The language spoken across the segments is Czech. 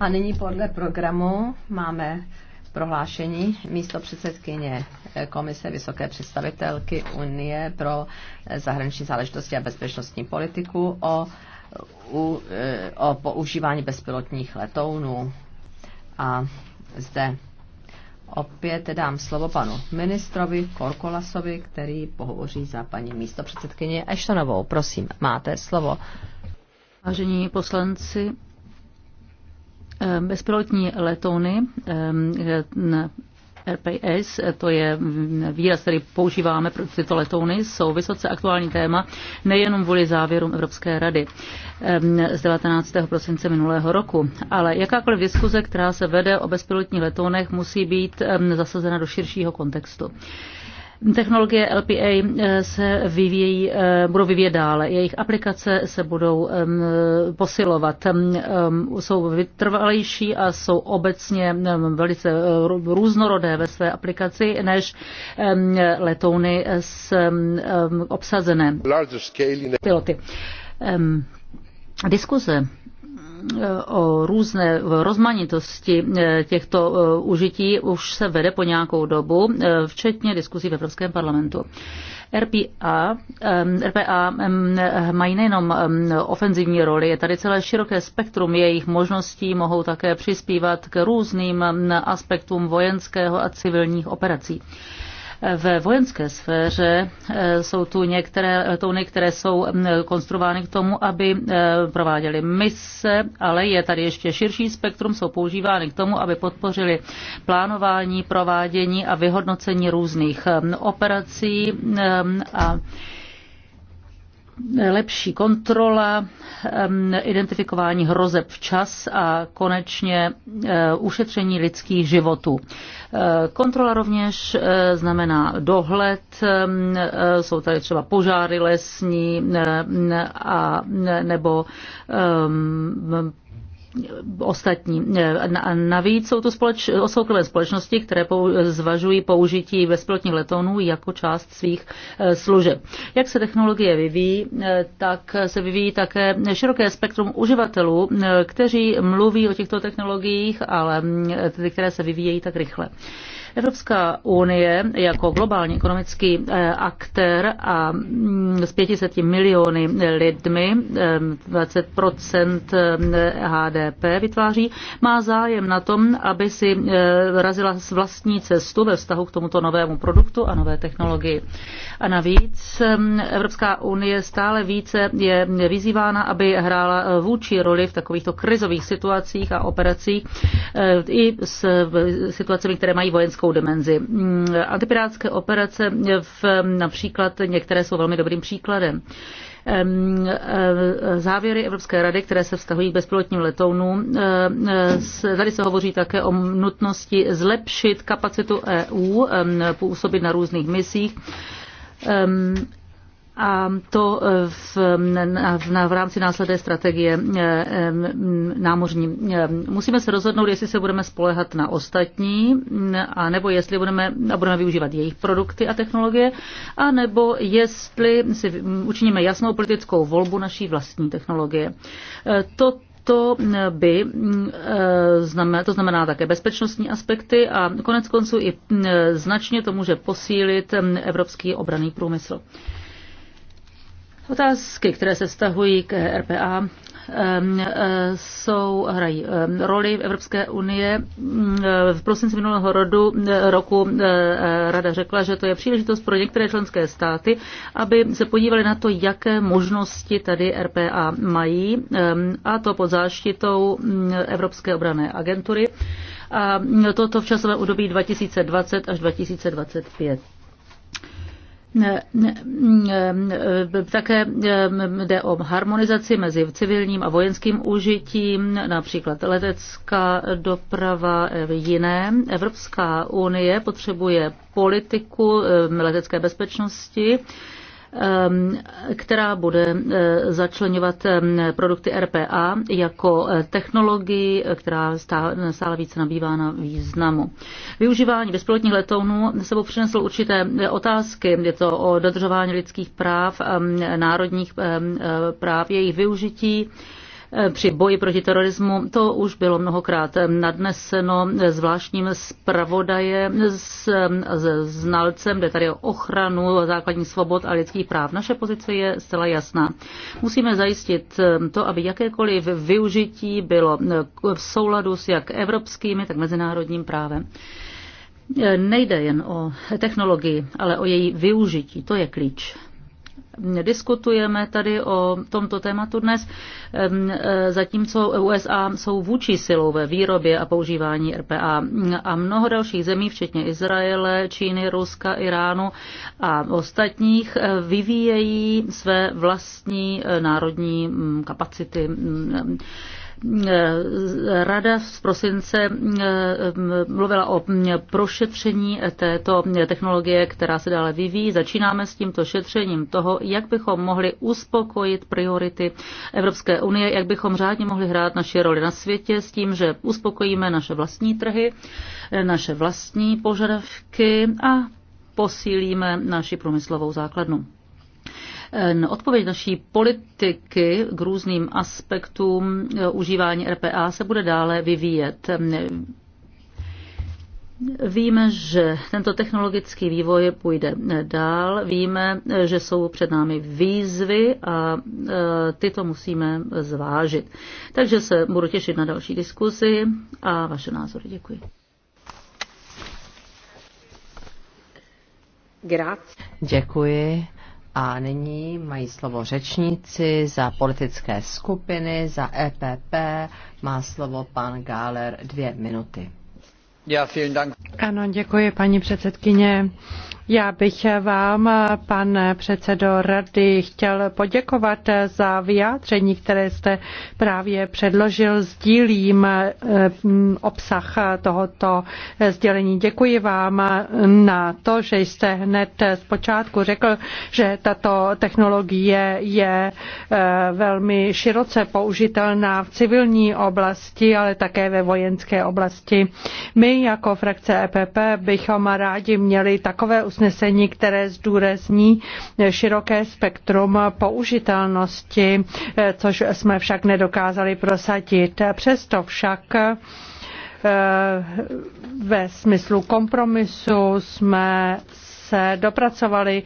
A nyní podle programu máme prohlášení místo předsedkyně eh, Komise Vysoké představitelky Unie pro eh, zahraniční záležitosti a bezpečnostní politiku o, u, eh, o používání bezpilotních letounů. A zde opět dám slovo panu ministrovi Korkolasovi, který pohovoří za paní místo předsedkyně Eštonovou. Prosím, máte slovo. Vážení poslanci, Ehm, bezpilotní letouny ehm, RPS, to je výraz, který používáme pro tyto letouny, jsou vysoce aktuální téma nejenom vůli závěrům Evropské rady ehm, z 19. prosince minulého roku, ale jakákoliv diskuze, která se vede o bezpilotních letounech, musí být zasazena do širšího kontextu. Technologie LPA eh, se vyvíjí, eh, budou vyvíjet dále. Jejich aplikace se budou posilovat. Jsou vytrvalejší a jsou obecně velice eh, různorodé ve své aplikaci než letouny s obsazené piloty. Diskuze o různé rozmanitosti e, těchto e, užití už se vede po nějakou dobu, e, včetně diskuzí v Evropském parlamentu. RPA, RPA mají nejenom ofenzivní roli, je tady celé široké spektrum jejich možností, mohou také přispívat k různým aspektům vojenského a civilních operací. Ve vojenské sféře eh, jsou tu některé letouny, které jsou eh, konstruovány k tomu, aby eh, prováděly mise, ale je tady ještě širší spektrum, jsou používány k tomu, aby podpořili plánování, provádění a vyhodnocení různých operací a lepší kontrola, identifikování hrozeb včas a konečně e, ušetření lidských životů. E, kontrola rovněž e, znamená dohled, jsou tady třeba požáry lesní a nebo ostatní. E, navíc jsou to společ, soukromé společnosti, které pou, zvažují použití bezpilotních letounů jako část svých e, služeb. Jak se technologie vyvíjí, e, tak se vyvíjí také široké spektrum uživatelů, kteří mluví o těchto technologiích, ale ty, které se vyvíjejí tak rychle. Evropská unie jako globální ekonomický eh, aktér a mm, s 500 miliony lidmi, 20% eh, eh, HDP vytváří, má zájem na tom, aby si razila vlastní cestu ve vztahu k tomuto novému produktu a nové technologii. A navíc Evropská unie stále více je vyzývána, aby hrála vůči roli v takovýchto krizových situacích a operacích i s situacemi, které mají vojenské politickou dimenzi. Mm, Antipirátské operace v, například některé jsou velmi dobrým příkladem e, závěry Evropské rady, které se vztahují k bezpilotním letounům. E, e, tady se hovoří také o nutnosti zlepšit kapacitu EU, působit na různých misích a to eh, v, na, v, na, v rámci následné strategie eh, eh, námořní. Musíme se rozhodnout, jestli se budeme spolehat na ostatní, mm, a nebo jestli budeme, a budeme využívat jejich produkty a technologie, a nebo jestli si mm, učiníme jasnou politickou volbu naší vlastní technologie. To to mm, by to znamená také bezpečnostní aspekty a konec konců i značně to může posílit evropský obraný průmysl. Otázky, které se vztahují k RPA, eh, jsou, hrají roli v Evropské unie. Eh, v prosinci minulého rodu, eh, roku Rada řekla, že to je příležitost pro některé členské státy, aby se podívali na to, jaké možnosti tady RPA mají, a to pod záštitou mm, Evropské obrané agentury. A toto v časovém období 2020 až 2025. E, také e, jde o harmonizaci mezi civilním a vojenským užitím, například letecká doprava e, jiné. Evropská unie potřebuje politiku letecké bezpečnosti, Ehm, která bude eh, začlenovat ehm, produkty RPA jako eh, technologii, která stále více nabývá na významu. Využívání bezpilotních letounů sebou přineslo určité eh, otázky. Je to o dodržování lidských práv, ehm, národních práv, jejich využití Eh, při boji proti terorismu. To už bylo mnohokrát nadneseno zvláštním zpravodajem s, s znalcem, jde tady o ochranu základních svobod a lidských práv. Naše pozice je zcela jasná. Musíme zajistit eh, to, aby jakékoliv využití bylo eh, v souladu s jak evropskými, tak mezinárodním právem. Nejde jen o technologii, ale o její využití. To je klíč diskutujeme tady o tomto tématu dnes, e, zatímco USA jsou vůči silou ve výrobě a používání RPA a mnoho dalších zemí, včetně Izraele, Číny, Ruska, Iránu a ostatních, e, vyvíjejí své vlastní e, národní kapacity Rada z prosince eh, mluvila o mm, prošetření této technologie, která se dále vyvíjí. Začínáme s tímto šetřením toho, jak bychom mohli uspokojit priority Evropské unie, jak bychom řádně mohli hrát naše roli na světě s tím, že uspokojíme naše vlastní trhy, eh, naše vlastní požadavky a posílíme naši průmyslovou základnu. Odpověď naší politiky k různým aspektům e, užívání RPA se bude dále vyvíjet. Víme, že tento technologický vývoj půjde dál. Víme, že jsou před námi výzvy a e, tyto musíme zvážit. Takže se budu těšit na další diskuzi a vaše názory. Děkuji. Děkuji. A nyní mají slovo řečníci za politické skupiny, za EPP. Má slovo pan Gáler dvě minuty. Já, vielen Dank. Ano, děkuji paní předsedkyně. Já bych vám, pane předsedo rady, chtěl poděkovat za vyjádření, které jste právě předložil. Sdílím eh, obsah tohoto sdělení. Děkuji vám na to, že jste hned z počátku řekl, že tato technologie je eh, velmi široce použitelná v civilní oblasti, ale také ve vojenské oblasti. My jako frakce EPP bychom rádi měli takové usnesení, které zdůrazní široké spektrum použitelnosti, což jsme však nedokázali prosadit. Přesto však eh, ve smyslu kompromisu jsme se dopracovali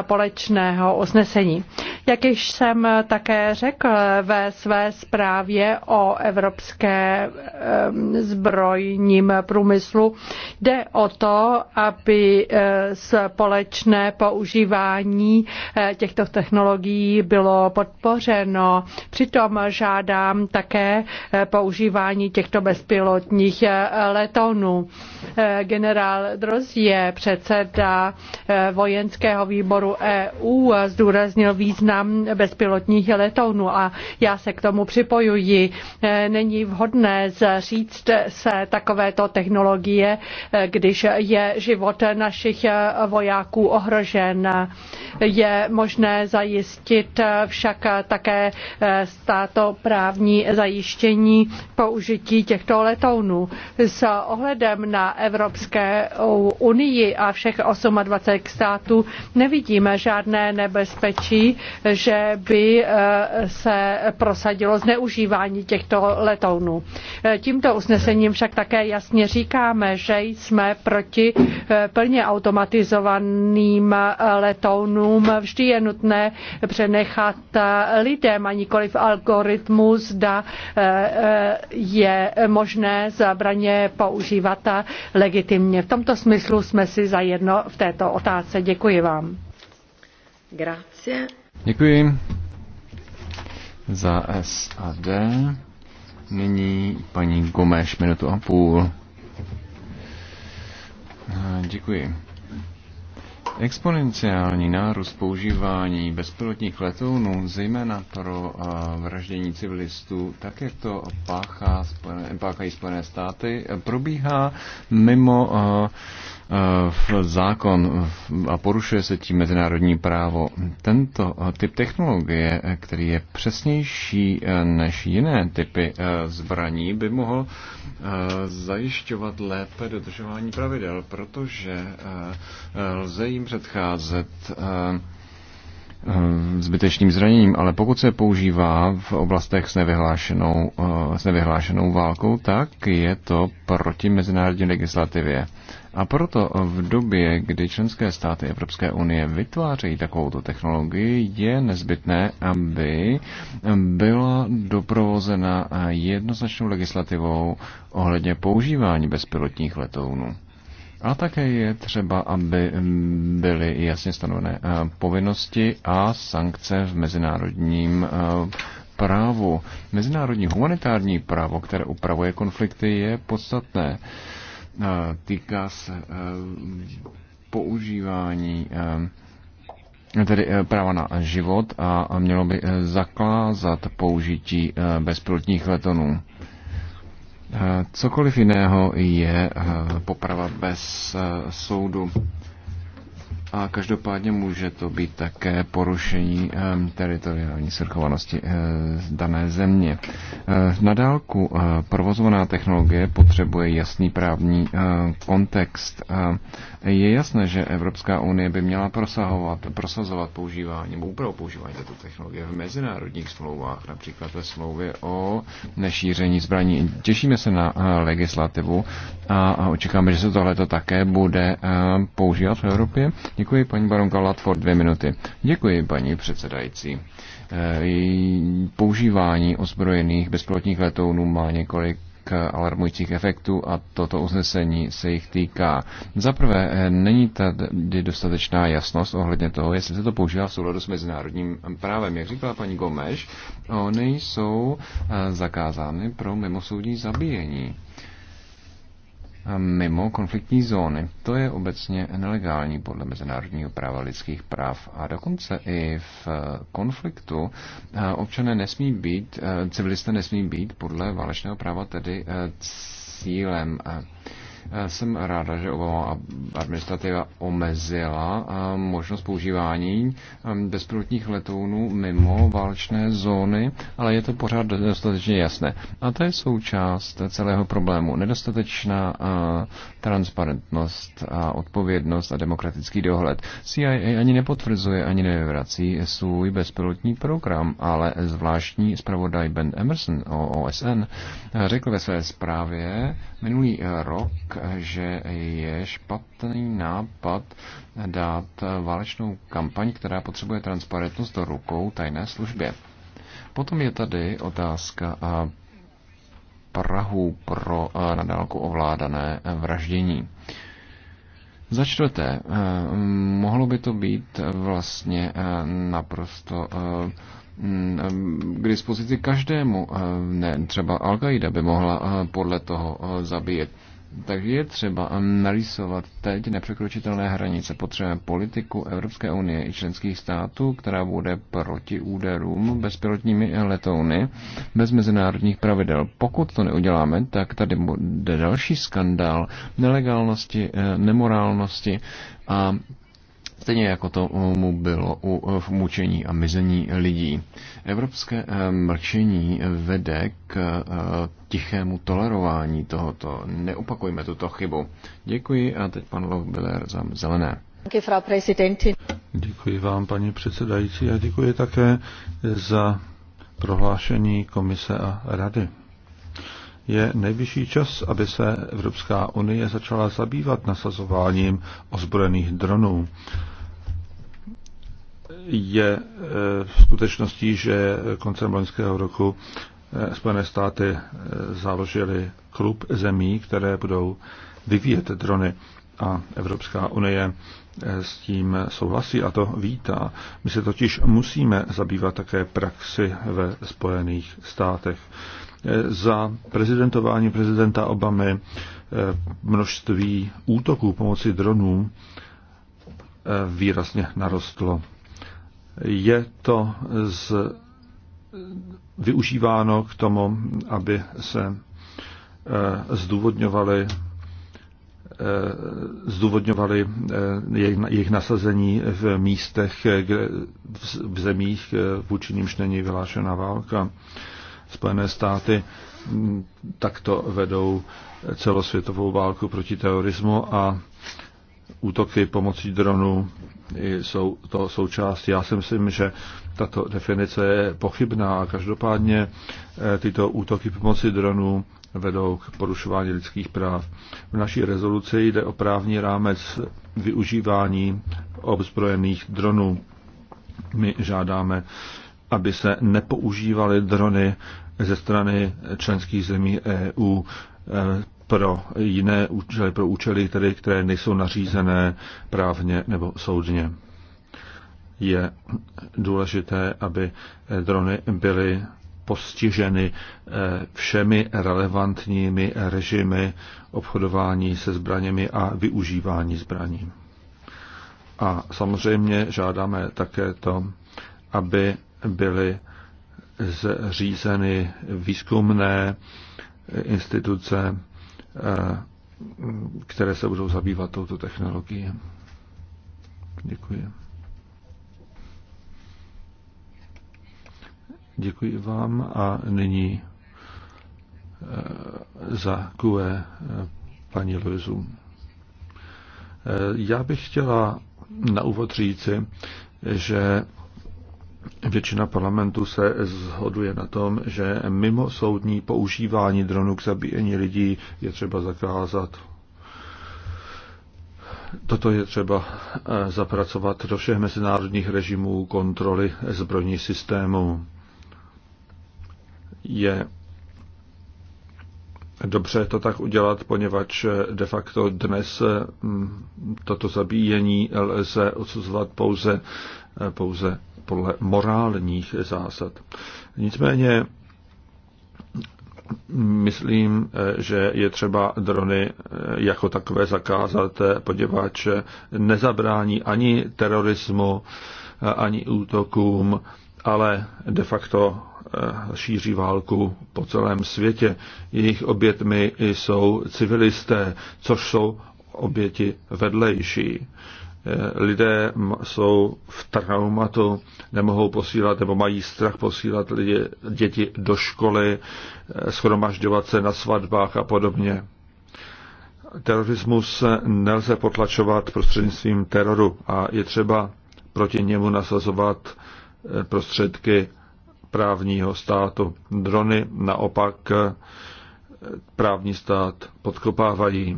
společného usnesení. Jak již jsem také řekl ve své zprávě o evropské zbrojním průmyslu, jde o to, aby e, společné používání e, těchto technologií bylo podpořeno. Přitom žádám také e, používání těchto bezpilotních letounů. Generál Drozie, předseda Eh, vojenského výboru EU eh, zdůraznil význam bezpilotních letounů a já se k tomu připojuji. Eh, není vhodné zříct se takovéto technologie, když je život našich vojáků ohrožen. Je možné zajistit však také státoprávní zajištění použití těchto letounů. S ohledem na Evropské unii a všech 8 28 států nevidíme žádné nebezpečí, že by eh, se prosadilo zneužívání těchto letounů. Eh, tímto usnesením však také jasně říkáme, že jsme proti eh, plně automatizovaným letounům. Vždy je nutné přenechat lidem a nikoliv algoritmu, zda je možné zabraně používat legitimně. V tomto smyslu jsme si zajedno v této otázce. Děkuji vám. Grazie. Děkuji za SAD. Nyní paní Gomeš, minutu a půl. Děkuji. Exponenciální nárůst používání bezpilotních letounů, zejména pro vraždění civilistů, tak jak to páchá, páchají Spojené státy, probíhá mimo Eh, zákon a porušuje se tím mezinárodní právo. Tento eh, typ technologie, eh, který je přesnější než jiné typy zbraní, by mohl zajišťovat lépe dodržování pravidel, protože lze jim předcházet Eh, zbytečným zraněním, ale pokud se používá v oblastech s nevyhlášenou, eh, s nevyhlášenou válkou, tak je to proti mezinárodní legislativě. A proto v době, kdy členské státy Evropské unie vytvářejí takovouto technologii, je nezbytné, aby byla doprovozena eh, jednoznačnou legislativou ohledně používání bezpilotních letounů. A také je třeba, aby byly jasně stanovené eh, povinnosti a sankce v mezinárodním eh, právu. Mezinárodní humanitární právo, které upravuje konflikty, je podstatné. Eh, týká se používání tedy práva na život a mělo by zakázat použití bezpilotních letonů. Eh, cokoliv jiného je eh, poprava bez eh, soudu. A každopádně může to být také porušení ehm, teritoriální svrchovanosti eh, dané země. Eh, na dálku eh, provozovaná technologie potřebuje jasný právní kontext. Je jasné, že Evropská unie by měla prosazovat, prosazovat používání nebo úpravu používání této technologie v mezinárodních smlouvách, například ve smlouvě o nešíření zbraní. Těšíme se na legislativu a očekáváme, že se tohleto také bude používat v Evropě. Děkuji, paní baronka Latford, dvě minuty. Děkuji, paní předsedající. E, používání ozbrojených bezpilotních letounů má několik k alarmujících efektů a toto usnesení se jich týká. Za prvé, e, není tady dostatečná jasnost ohledně toho, jestli se to používá v souladu s mezinárodním právem. Jak říkala paní Gomeš, oni jsou e, zakázány pro mimosoudní zabíjení mimo konfliktní zóny. To je obecně nelegální podle mezinárodního práva lidských práv. A dokonce i v eh, konfliktu eh, občané nesmí být, eh, civilisté nesmí být podle válečného práva tedy cílem jsem ráda, že Obama administrativa omezila možnost používání bezpilotních letounů mimo válečné zóny, ale je to pořád dostatečně jasné. A to je součást celého problému. Nedostatečná transparentnost a odpovědnost a demokratický dohled. CIA ani nepotvrzuje, ani nevyvrací svůj bezpilotní program, ale zvláštní zpravodaj Ben Emerson o OSN řekl ve své zprávě minulý rok, že je špatný nápad dát válečnou kampaň, která potřebuje transparentnost do rukou tajné službě. Potom je tady otázka Prahu pro nadálku ovládané vraždění. Za čtvrté, mohlo by to být vlastně naprosto k dispozici každému. Ne, třeba Al-Qaida by mohla podle toho zabíjet. Takže je třeba narýsovat teď nepřekročitelné hranice. Potřebujeme politiku Evropské unie i členských států, která bude proti úderům bezpilotními letouny bez mezinárodních pravidel. Pokud to neuděláme, tak tady bude další skandál nelegálnosti, eh, nemorálnosti a stejně jako to eh, mu bylo u eh, mučení a mizení lidí. Evropské eh, mlčení vede k tichému tolerování tohoto. Neopakujme tuto chybu. Děkuji a teď pan Lochbiller za zelené. Děkuji vám, paní předsedající, a děkuji také za prohlášení komise a rady. Je nejvyšší čas, aby se Evropská unie začala zabývat nasazováním ozbrojených dronů je v e, skutečnosti, že koncem loňského roku e, Spojené státy e, založily klub zemí, které budou vyvíjet drony a Evropská unie s tím souhlasí a to vítá. My se totiž musíme zabývat také praxi ve Spojených státech. Za prezidentování prezidenta Obamy množství útoků pomocí dronů výrazně narostlo. Je to z, využíváno k tomu, aby se eh, zdůvodňovaly eh, zdůvodňovali eh, jejich nasazení v místech, v zemích, vůči nímž není vylášena válka. Spojené státy mm, takto vedou celosvětovou válku proti terorismu a útoky pomocí dronu jsou to součástí. Já si myslím, že tato definice je pochybná a každopádně eh, tyto útoky pomocí dronu vedou k porušování lidských práv. V naší rezoluci jde o právní rámec využívání obzbrojených dronů. My žádáme, aby se nepoužívaly drony ze strany členských zemí EU eh, pro jiné účely, pro účely, které, které nejsou nařízené právně nebo soudně. Je důležité, aby drony byly postiženy eh, všemi relevantními režimy obchodování se zbraněmi a využívání zbraní. A samozřejmě žádáme také to, aby byly zřízeny výzkumné instituce, Eh, které se budou zabývat touto technologií. Děkuji. Děkuji vám a nyní eh, za QE eh, paní Luizu. Já bych chtěla na úvod říci, že Většina parlamentu se zhoduje na tom, že mimo soudní používání dronů k zabíjení lidí je třeba zakázat. Toto je třeba eh, zapracovat do všech mezinárodních režimů kontroly zbrojní systémů. Je dobře to tak udělat, poněvadž eh, de facto dnes eh, toto zabíjení lze odsuzovat pouze, pouze podle morálních zásad. Nicméně myslím, že je třeba drony eh, jako takové zakázat, eh, poněvadž nezabrání ani terorismu, eh, ani útokům, ale de facto šíří válku po celém světě. Jejich obětmi jsou civilisté, což jsou oběti vedlejší. Eh, lidé jsou v traumatu, nemohou posílat nebo mají strach posílat lidi, děti do školy, eh, schromažďovat se na svatbách a podobně. Terorismus nelze potlačovat prostřednictvím teroru a je třeba proti němu nasazovat eh, prostředky právního státu. Drony naopak právní stát podkopávají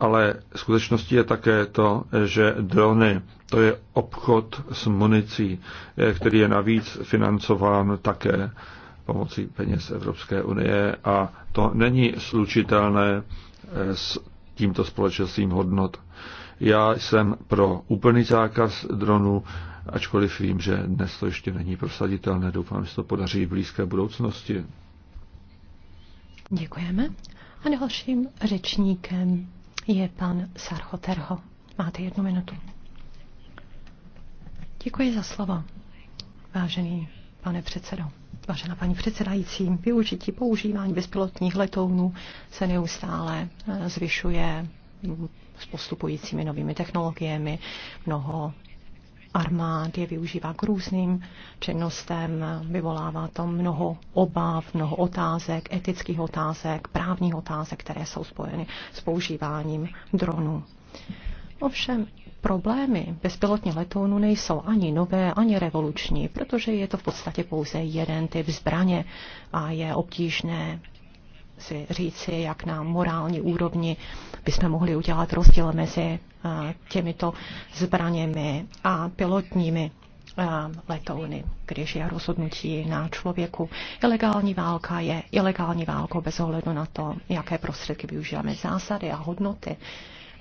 ale skutečností je také to, že drony, to je obchod s municí, eh, který je navíc financován také pomocí peněz Evropské unie a to není slučitelné eh, s tímto společenstvím hodnot. Já jsem pro úplný zákaz dronů, ačkoliv vím, že dnes to ještě není prosaditelné. Doufám, že se to podaří v blízké budoucnosti. Děkujeme. A dalším řečníkem je pan Sarchoterho. Máte jednu minutu. Děkuji za slovo, vážený pane předsedo. Vážená paní předsedající, využití používání bezpilotních letounů se neustále eh, zvyšuje s postupujícími novými technologiemi. Mnoho armád je využívá k různým činnostem, vyvolává to mnoho obav, mnoho otázek, etických otázek, právních otázek, které jsou spojeny s používáním dronů. Ovšem, problémy bezpilotní letounů nejsou ani nové, ani revoluční, protože je to v podstatě pouze jeden typ zbraně a je obtížné si říci, jak na morální úrovni bychom mohli udělat rozdíl mezi eh, těmito zbraněmi a pilotními eh, letouny, když je rozhodnutí na člověku. Ilegální válka je ilegální válka bez ohledu na to, jaké prostředky využíváme, zásady a hodnoty,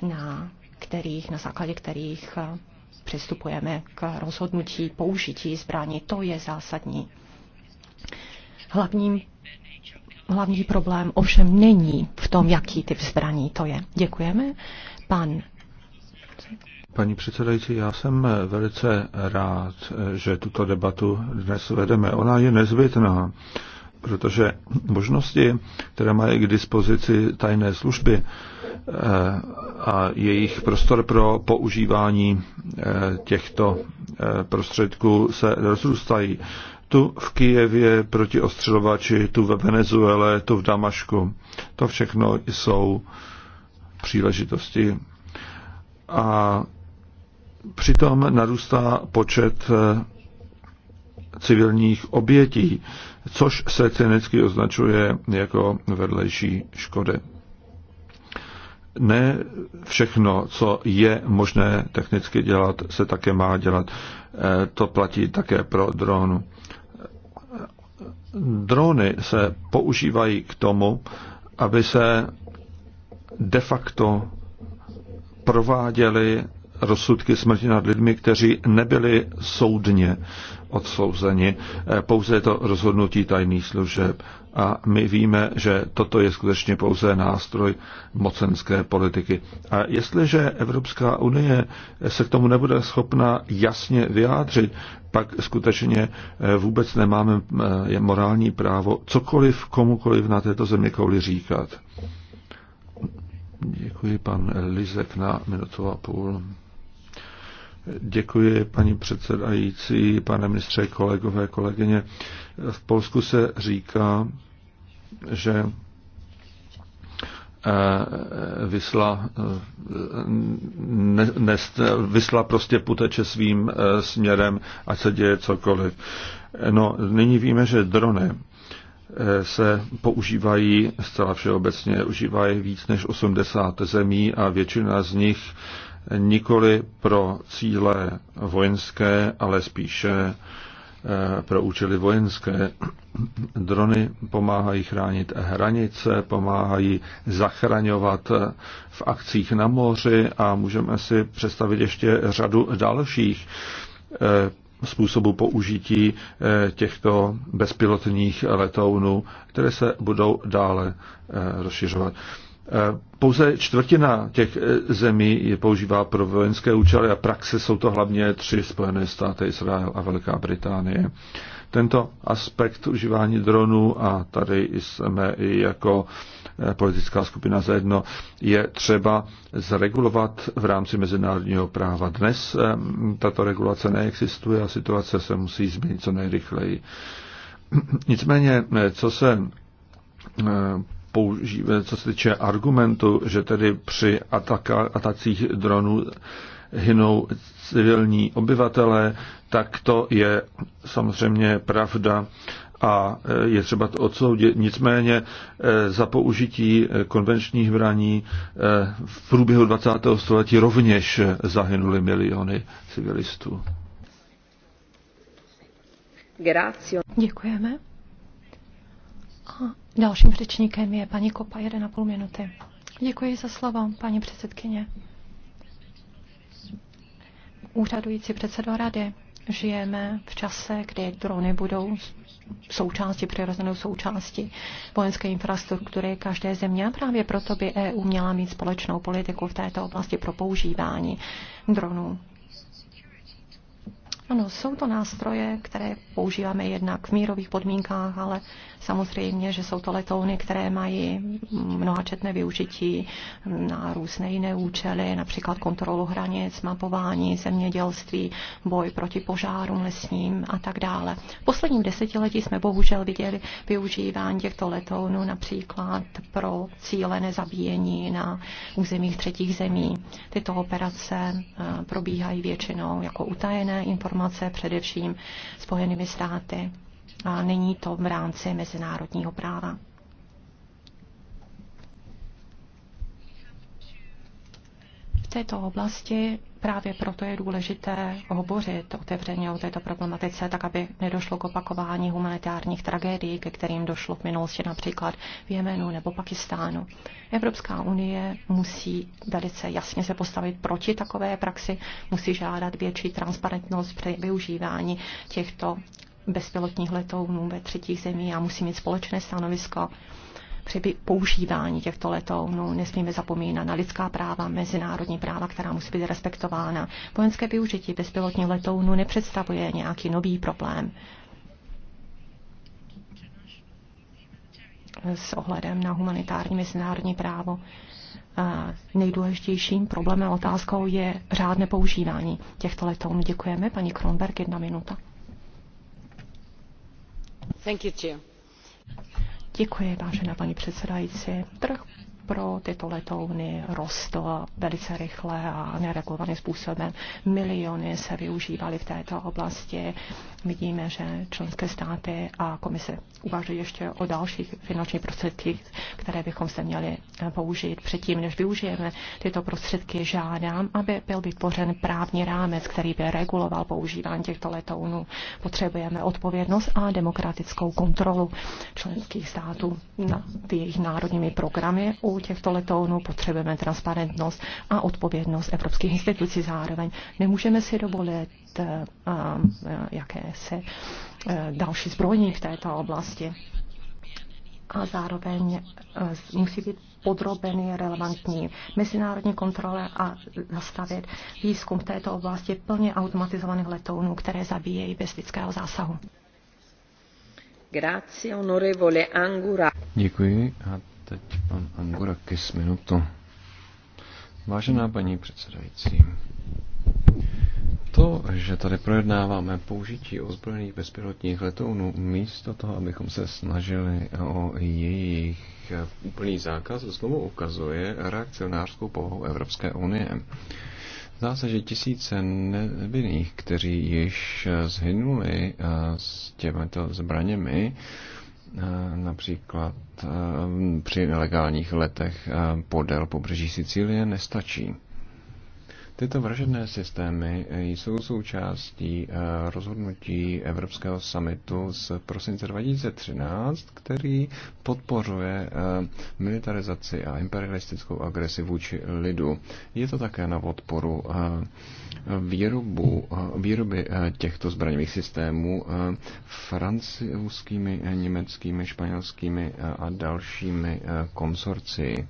na, kterých, na základě kterých eh, přistupujeme k rozhodnutí použití zbraní. To je zásadní. Hlavním hlavní problém ovšem není v tom, jaký typ zbraní to je. Děkujeme. Pan Paní předsedající, já jsem velice rád, že tuto debatu dnes vedeme. Ona je nezbytná, protože možnosti, které mají k dispozici tajné služby eh, a jejich prostor pro používání eh, těchto eh, prostředků se rozrůstají tu v Kijevě proti ostřelovači, tu ve Venezuele, tu v Damašku. To všechno jsou příležitosti. A přitom narůstá počet eh, civilních obětí, což se cynicky označuje jako vedlejší škody. Ne všechno, co je možné technicky dělat, se také má dělat. Eh, to platí také pro dronu. Drony se používají k tomu, aby se de facto prováděly rozsudky smrti nad lidmi, kteří nebyli soudně odsouzeni. Pouze je to rozhodnutí tajných služeb. A my víme, že toto je skutečně pouze nástroj mocenské politiky. A jestliže Evropská unie se k tomu nebude schopna jasně vyjádřit, pak skutečně eh, vůbec nemáme eh, morální právo cokoliv komukoliv na této země kouli říkat. Děkuji, pan Lizek, na minutu a půl. Děkuji, paní předsedající, pane ministře, kolegové, kolegyně. V Polsku se říká, že eh, vysla, eh, ne, ne, vysla prostě puteče svým eh, směrem, ať se děje cokoliv. No, nyní víme, že drony se používají zcela všeobecně, užívají víc než 80 zemí a většina z nich nikoli pro cíle vojenské, ale spíše eh, pro účely vojenské. Drony pomáhají chránit hranice, pomáhají zachraňovat eh, v akcích na moři a můžeme si představit ještě řadu dalších eh, způsobu použití těchto bezpilotních letounů, které se budou dále rozšiřovat. Eh, pouze čtvrtina těch eh, zemí je používá pro vojenské účely a praxe jsou to hlavně tři Spojené státy, Izrael a Velká Británie. Tento aspekt užívání dronů, a tady jsme i jako eh, politická skupina zajedno, je třeba zregulovat v rámci mezinárodního práva. Dnes tato regulace neexistuje a situace se musí změnit co nejrychleji. Nicméně, co se co se týče argumentu, že tedy při ataka, atacích dronů hynou civilní obyvatele, tak to je samozřejmě pravda a e, je třeba to odsoudit. Nicméně e, za použití e, konvenčních vraní v průběhu 20. století rovněž zahynuly miliony civilistů. Děkujeme dalším řečníkem je paní Kopa, 1,5 minuty. Děkuji za slovo, paní předsedkyně. Úřadující předsedo rady, žijeme v čase, kdy drony budou součástí, přirozenou součástí vojenské infrastruktury každé země a právě proto by EU měla mít společnou politiku v této oblasti pro používání dronů. Ano, jsou to nástroje, které používáme jednak v mírových podmínkách, ale Samozřejmě, že jsou to letouny, které mají mnohačetné využití na různé jiné účely, například kontrolu hranic, mapování, zemědělství, boj proti požárům lesním a tak dále. V posledním desetiletí jsme bohužel viděli využívání těchto letounů například pro cílené zabíjení na územích třetích zemí. Tyto operace eh, probíhají většinou jako utajené informace, především Spojenými státy a není to v rámci mezinárodního práva. V této oblasti právě proto je důležité hovořit otevřeně o této problematice, tak aby nedošlo k opakování humanitárních tragédií, ke kterým došlo v minulosti například v Jemenu nebo Pakistánu. Evropská unie musí velice jasně se postavit proti takové praxi, musí žádat větší transparentnost při využívání těchto bezpilotních letounů ve třetích zemích a musí mít společné stanovisko při používání těchto letounů. Nesmíme zapomínat na lidská práva, mezinárodní práva, která musí být respektována. Vojenské využití bezpilotních letounů nepředstavuje nějaký nový problém. S ohledem na humanitární mezinárodní právo nejdůležitějším problémem otázkou je řádné používání těchto letounů. Děkujeme. Paní Kronberg, jedna minuta. Thank you, Děkuji, vážená paní předsedající. Trh pro tyto letouny rostl velice rychle a neregulovaným způsobem. Miliony se využívaly v této oblasti. Vidíme, že členské státy a komise uvažují ještě o dalších finančních prostředcích, které bychom se měli použít předtím, než využijeme tyto prostředky. Žádám, aby byl vytvořen právní rámec, který by reguloval používání těchto letounů. Potřebujeme odpovědnost a demokratickou kontrolu členských států nad jejich národními programy u těchto letounů, potřebujeme transparentnost a odpovědnost evropských institucí zároveň. Nemůžeme si dovolit eh, eh, jakési eh, další zbrojní v této oblasti. A zároveň musí být podrobeny relevantní mezinárodní kontrole a zastavit výzkum v této oblasti plně automatizovaných letounů, které zabíjejí bez lidského zásahu. Grazie, onorevole Angura. Děkuji. A teď pan Angurakis minutu. Vážená paní předsedající, to, že tady projednáváme použití ozbrojených bezpilotních letounů, místo toho, abychom se snažili o jejich úplný zákaz, znovu ukazuje reakcionářskou povahu Evropské unie. Zdá se, že tisíce nevinných, kteří již zhynuli eh, s těmito zbraněmi, Eh, například eh, při nelegálních letech eh, podél pobřeží Sicílie nestačí. Tyto vražedné systémy eh, jsou součástí eh, rozhodnutí Evropského summitu z prosince 2013, který podporuje eh, militarizaci a imperialistickou agresi vůči lidu. Je to také na odporu výrobu, výroby těchto zbraňových systémů francouzskými, německými, španělskými a dalšími konsorcii.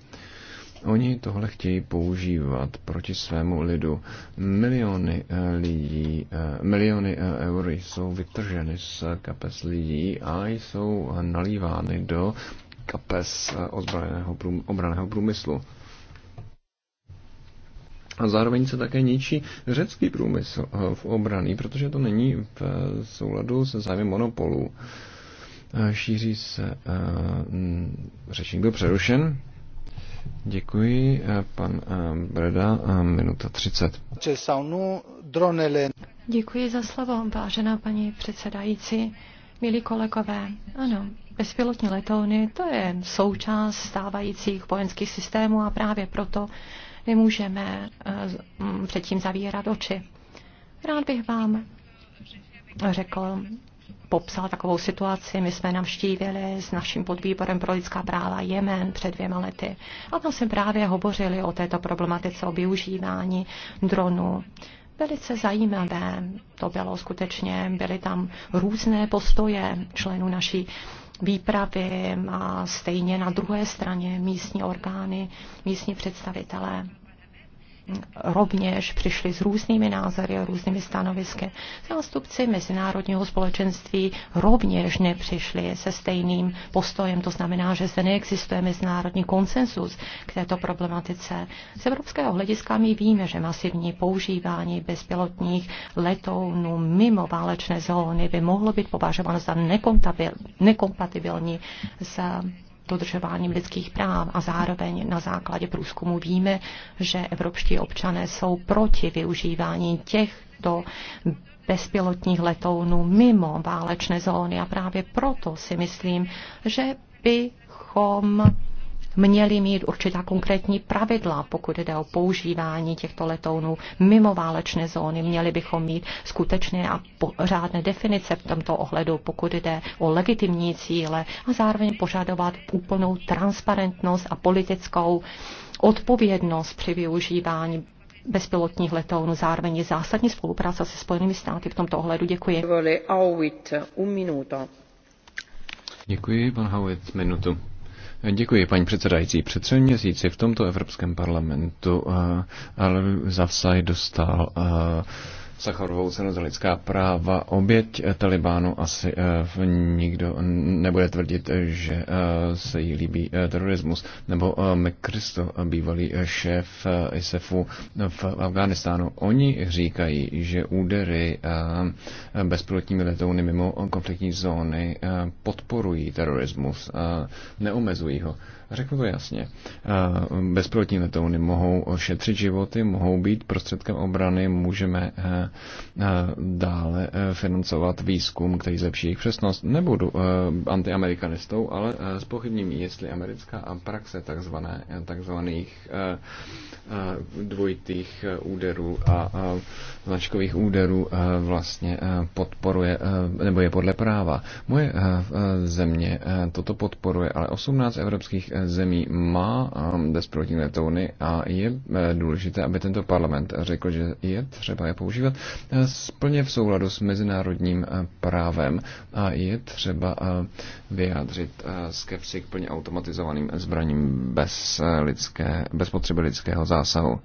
Oni tohle chtějí používat proti svému lidu. Miliony eh, lidí, eh, miliony eh, eur jsou vytrženy z kapes lidí a jsou nalívány do kapes ozbrojeného obraného průmyslu. A zároveň se také ničí řecký průmysl v obraný, protože to není v souladu se zájmy monopolů. Šíří se... Řečník byl přerušen. Děkuji, eh, pan eh, Breda, eh, minuta 30. Děkuji za slovo, vážená paní předsedající. Milí kolegové, ano, bezpilotní letouny to je součást stávajících vojenských systémů a právě proto nemůžeme předtím zavírat oči. Rád bych vám řekl popsal takovou situaci. My jsme navštívili s naším podvýborem pro lidská práva Jemen před dvěma lety. A tam jsme právě hovořili o této problematice, o využívání dronů. Velice zajímavé to bylo skutečně. Byly tam různé postoje členů naší výpravy a stejně na druhé straně místní orgány, místní představitelé rovněž přišli s různými názory a různými stanovisky. Zástupci mezinárodního společenství rovněž nepřišli se stejným postojem. To znamená, že zde neexistuje mezinárodní konsensus k této problematice. Z evropského hlediska my víme, že masivní používání bezpilotních letounů mimo válečné zóny by mohlo být považováno za nekompatibilní s dodržováním lidských práv a zároveň na základě průzkumu víme, že evropští občané jsou proti využívání těchto bezpilotních letounů mimo válečné zóny a právě proto si myslím, že bychom měli mít určitá konkrétní pravidla, pokud jde o používání těchto letounů mimo válečné zóny. Měli bychom mít skutečné a pořádné definice v tomto ohledu, pokud jde o legitimní cíle a zároveň požadovat úplnou transparentnost a politickou odpovědnost při využívání bezpilotních letounů. Zároveň je zásadní spolupráce se Spojenými státy v tomto ohledu. Děkuji. Děkuji, pan Howitt, minutu. Děkuji, paní předsedající. Před třemi měsíci v tomto Evropském parlamentu uh, eh, Alelu Zavsaj dostal uh, Sacharovou cenu za lidská práva. Oběť eh, Talibánu asi eh, nikdo nebude tvrdit, eh, že eh, se jí líbí eh, terorismus. Nebo eh, McChrystal, eh, bývalý šéf eh, ISEFu v Afghánistánu. Oni říkají, že údery eh, bezpilotními letouny mimo konfliktní zóny eh, podporují terorismus, eh, neomezují ho. Eh, Řeknu to jasně. Eh, bezpilotní letouny mohou šetřit životy, mohou být prostředkem obrany, můžeme eh, eh, dále financovat výzkum, který zlepší jejich přesnost. Nebudu antiamerikanistou, ale spochybním, jestli americká praxe takzvané, takzvaných dvojitých úderů a značkových úderů vlastně podporuje, nebo je podle práva. Moje země toto podporuje, ale 18 evropských zemí má um, bezpilotní letouny a je eh, důležité, aby tento parlament řekl, že je třeba je používat splně eh, v souladu s mezinárodním eh, právem a je třeba vyjádřit skepsi k plně automatizovaným zbraním bez, lidské, bez potřeby lidského zásahu.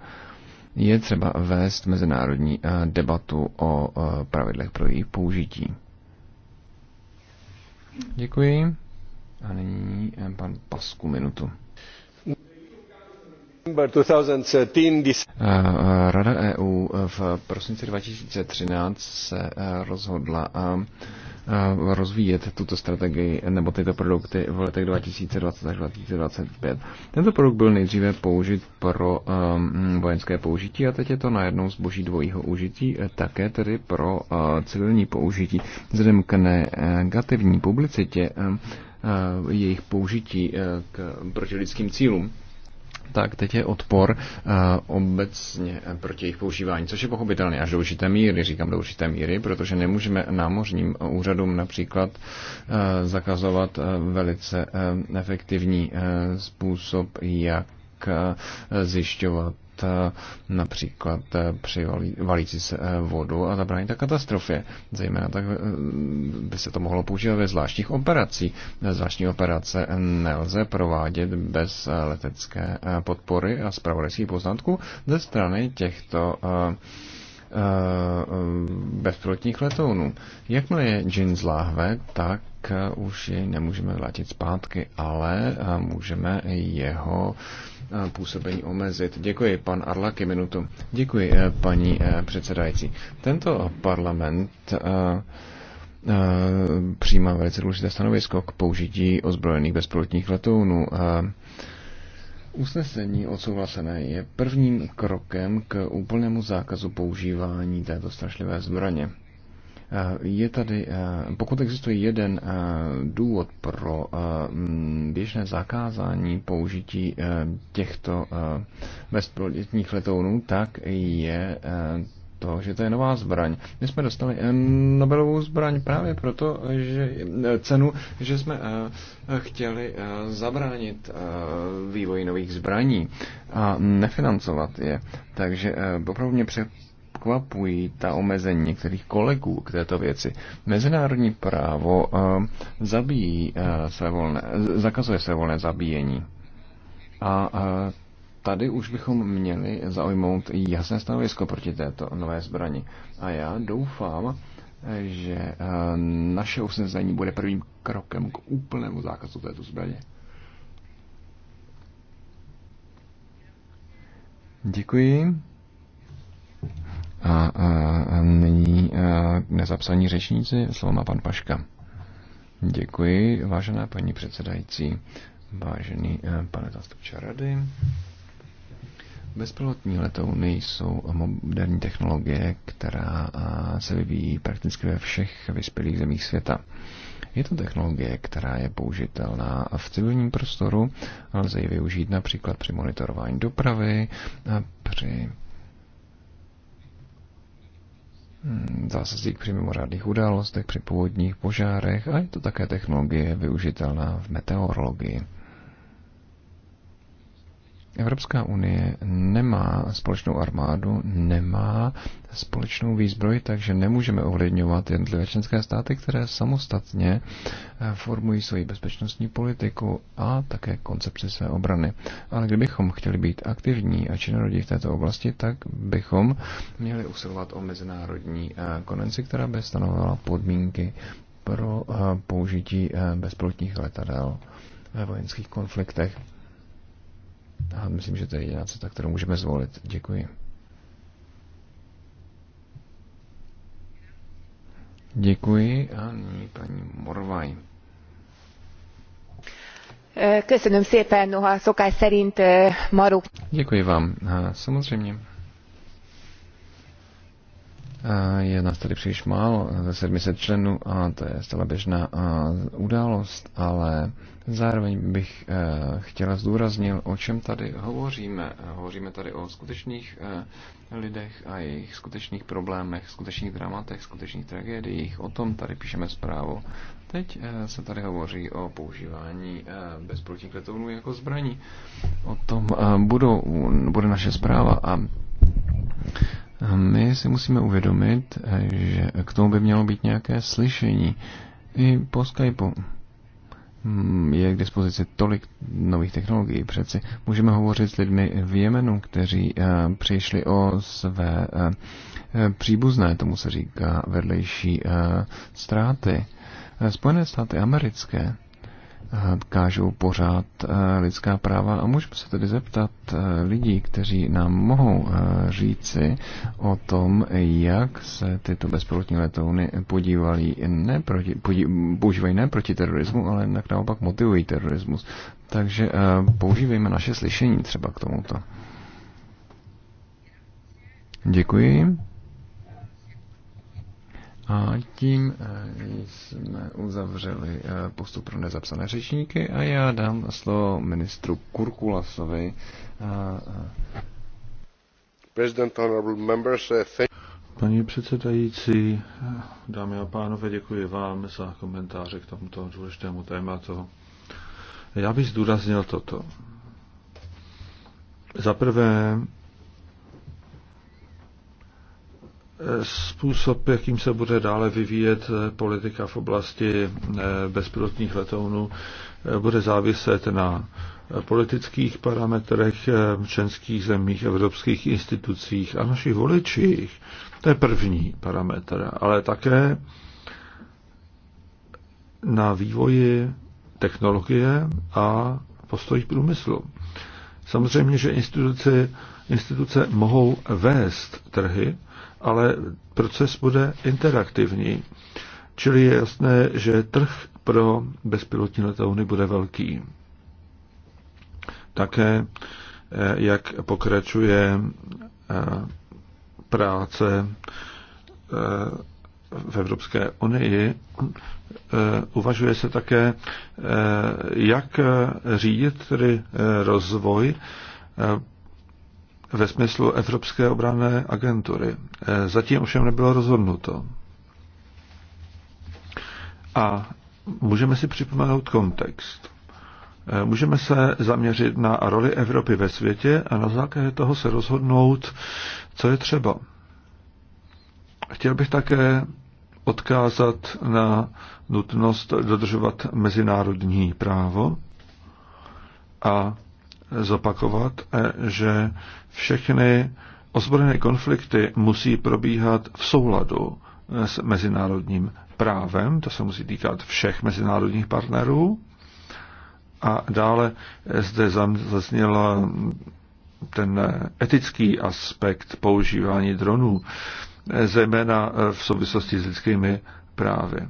Je třeba vést mezinárodní debatu o pravidlech pro její použití. Děkuji. A nyní eh, pan Pasku minutu. Eh, eh, Rada EU eh, v prosinci 2013 se rozhodla ehm, rozvíjet tuto strategii nebo tyto produkty v letech 2020 až 2025. Tento produkt byl nejdříve použit pro ehm, vojenské použití a teď je to najednou zboží dvojího užití, také tedy pro civilní použití. Vzhledem k negativní publicitě ehm, jejich použití k, protilidským cílům tak teď je odpor uh, obecně eh, proti jejich používání, což je pochopitelné až do určité míry, říkám do určité míry, protože nemůžeme námořním úřadům například uh, zakazovat uh, velice uh, efektivní uh, způsob, jak zjišťovat Eh, například eh, při valící se eh, vodu a zabránit tak katastrofě. Zejména tak by se to mohlo používat ve zvláštních operací. Zvláštní operace nelze provádět bez letecké podpory a zpravodajských poznatků ze strany těchto uh, Eh, bezpilotních letounů. Jakmile je džin z láhve, tak eh, už jej nemůžeme vrátit zpátky, ale eh, můžeme jeho působení omezit. Děkuji, pan Arlaky, minutu. Děkuji, paní předsedající. Tento parlament přijímá velice důležité stanovisko k použití ozbrojených bezpilotních letounů Usnesení odsouhlasené je prvním krokem k úplnému zákazu používání této strašlivé zbraně. Eh, je tady, eh, pokud existuje jeden eh, důvod pro běžné zakázání použití těchto bezpilotních letounů, tak je to, že to je nová zbraň. My jsme dostali eh, Nobelovou zbraň právě proto, že eh, cenu, že jsme eh, chtěli zabránit vývoji nových zbraní a nefinancovat je. Takže opravdu mě překvapují ta omezení některých kolegů k této věci. Mezinárodní právo zabíjí své volné, zakazuje své volné zabíjení. A tady už bychom měli zaujmout jasné stanovisko proti této nové zbrani. A já doufám, že eh, naše usnesení bude prvním krokem k úplnému zákazu této zbraně. Děkuji. A, a, eh, a nyní a, eh, nezapsaní řečníci, slovo má pan Paška. Děkuji, vážená paní předsedající, vážený a, pane zastupče rady. Bezpilotní letouny jsou moderní technologie, která se vyvíjí prakticky ve všech vyspělých zemích světa. Je to technologie, která je použitelná v civilním prostoru, lze ji využít například při monitorování dopravy, při hm, zásazí při mimořádných událostech, při původních požárech a je to také technologie využitelná v meteorologii. Evropská unie nemá společnou armádu, nemá společnou výzbroj, takže nemůžeme ovlivňovat jednotlivé členské státy, které samostatně eh, formují svoji bezpečnostní politiku a také koncepci své obrany. Ale kdybychom chtěli být aktivní a činorodí v této oblasti, tak bychom měli usilovat o mezinárodní eh, konvenci, která by stanovala podmínky pro eh, použití bezpilotních letadel ve vojenských konfliktech. A myslím, že to je jediná cesta, kterou můžeme zvolit. Děkuji. Děkuji a nyní paní Morvaj. Köszönöm szépen, noha szokás szerint eh, maruk. Děkuji vám. Samozřejmě je nás tady příliš málo, ze 700 členů, a to je stále běžná událost, ale zároveň bych e, chtěla zdůraznit, o čem tady hovoříme. Hovoříme tady o skutečných e, lidech a jejich skutečných problémech, skutečných dramatech, skutečných tragédiích. O tom tady píšeme zprávu. Teď e, se tady hovoří o používání bezprotních letounů jako zbraní. O tom budou, bude naše zpráva a my si musíme uvědomit, že k tomu by mělo být nějaké slyšení i po Skypeu hmm, je k dispozici tolik nových technologií. Přeci můžeme hovořit s lidmi v Jemenu, kteří eh, přišli o své eh, příbuzné, tomu se říká vedlejší eh, ztráty. Spojené státy americké kážou pořád eh, lidská práva a můžeme se tedy zeptat eh, lidí, kteří nám mohou eh, říci o tom, jak se tyto bezpilotní letouny podívali. ne proti, podí, používají ne proti terorismu, ale jednak naopak motivují terorismus. Takže používejme naše slyšení třeba k tomuto. Děkuji. A tím eh, jsme uzavřeli eh, postup pro nezapsané řečníky a já dám slovo ministru Kurkulasovi. Eh, Paní předsedající, dámy a pánové, děkuji vám za komentáře k tomuto důležitému tématu. Já bych zdůraznil toto. Za prvé, způsob, jakým se bude dále vyvíjet eh, politika v oblasti eh, bezpilotních letounů, eh, bude záviset na politických parametrech členských zemích, evropských institucích a našich voličích. To je první parametr, ale také na vývoji technologie a postojích průmyslu. Samozřejmě, že instituce, instituce mohou vést trhy, ale proces bude interaktivní. Čili je jasné, že trh pro bezpilotní letouny bude velký. Také, eh, jak pokračuje eh, práce eh, v Evropské unii, uvažuje se také, jak řídit tedy rozvoj ve smyslu Evropské obranné agentury. Eh, zatím ovšem nebylo rozhodnuto. A můžeme si připomenout kontext. Eh, můžeme se zaměřit na roli Evropy ve světě a na základě toho se rozhodnout, co je třeba. Chtěl bych také odkázat na nutnost dodržovat mezinárodní právo a zopakovat, e, že všechny ozbrojené konflikty musí probíhat v souladu e, s mezinárodním právem, to se musí týkat všech mezinárodních partnerů. A dále e, zde zazněl ten etický aspekt používání dronů, zejména v souvislosti s lidskými právy.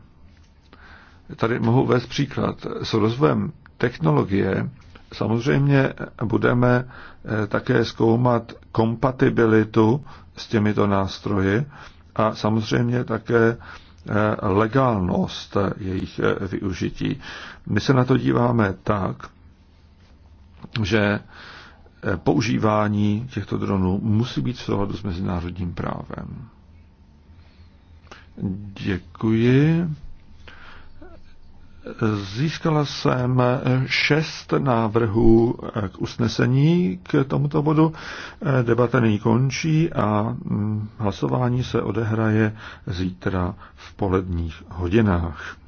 Tady mohu vést příklad. S rozvojem technologie Samozřejmě budeme eh, také zkoumat kompatibilitu s těmito nástroji a samozřejmě také eh, legálnost jejich eh, využití. My se na to díváme tak, že používání těchto dronů musí být v souladu s mezinárodním právem. Děkuji. Získala jsem šest návrhů k usnesení k tomuto bodu. Debata nyní končí a mm, hlasování se odehraje zítra v poledních hodinách.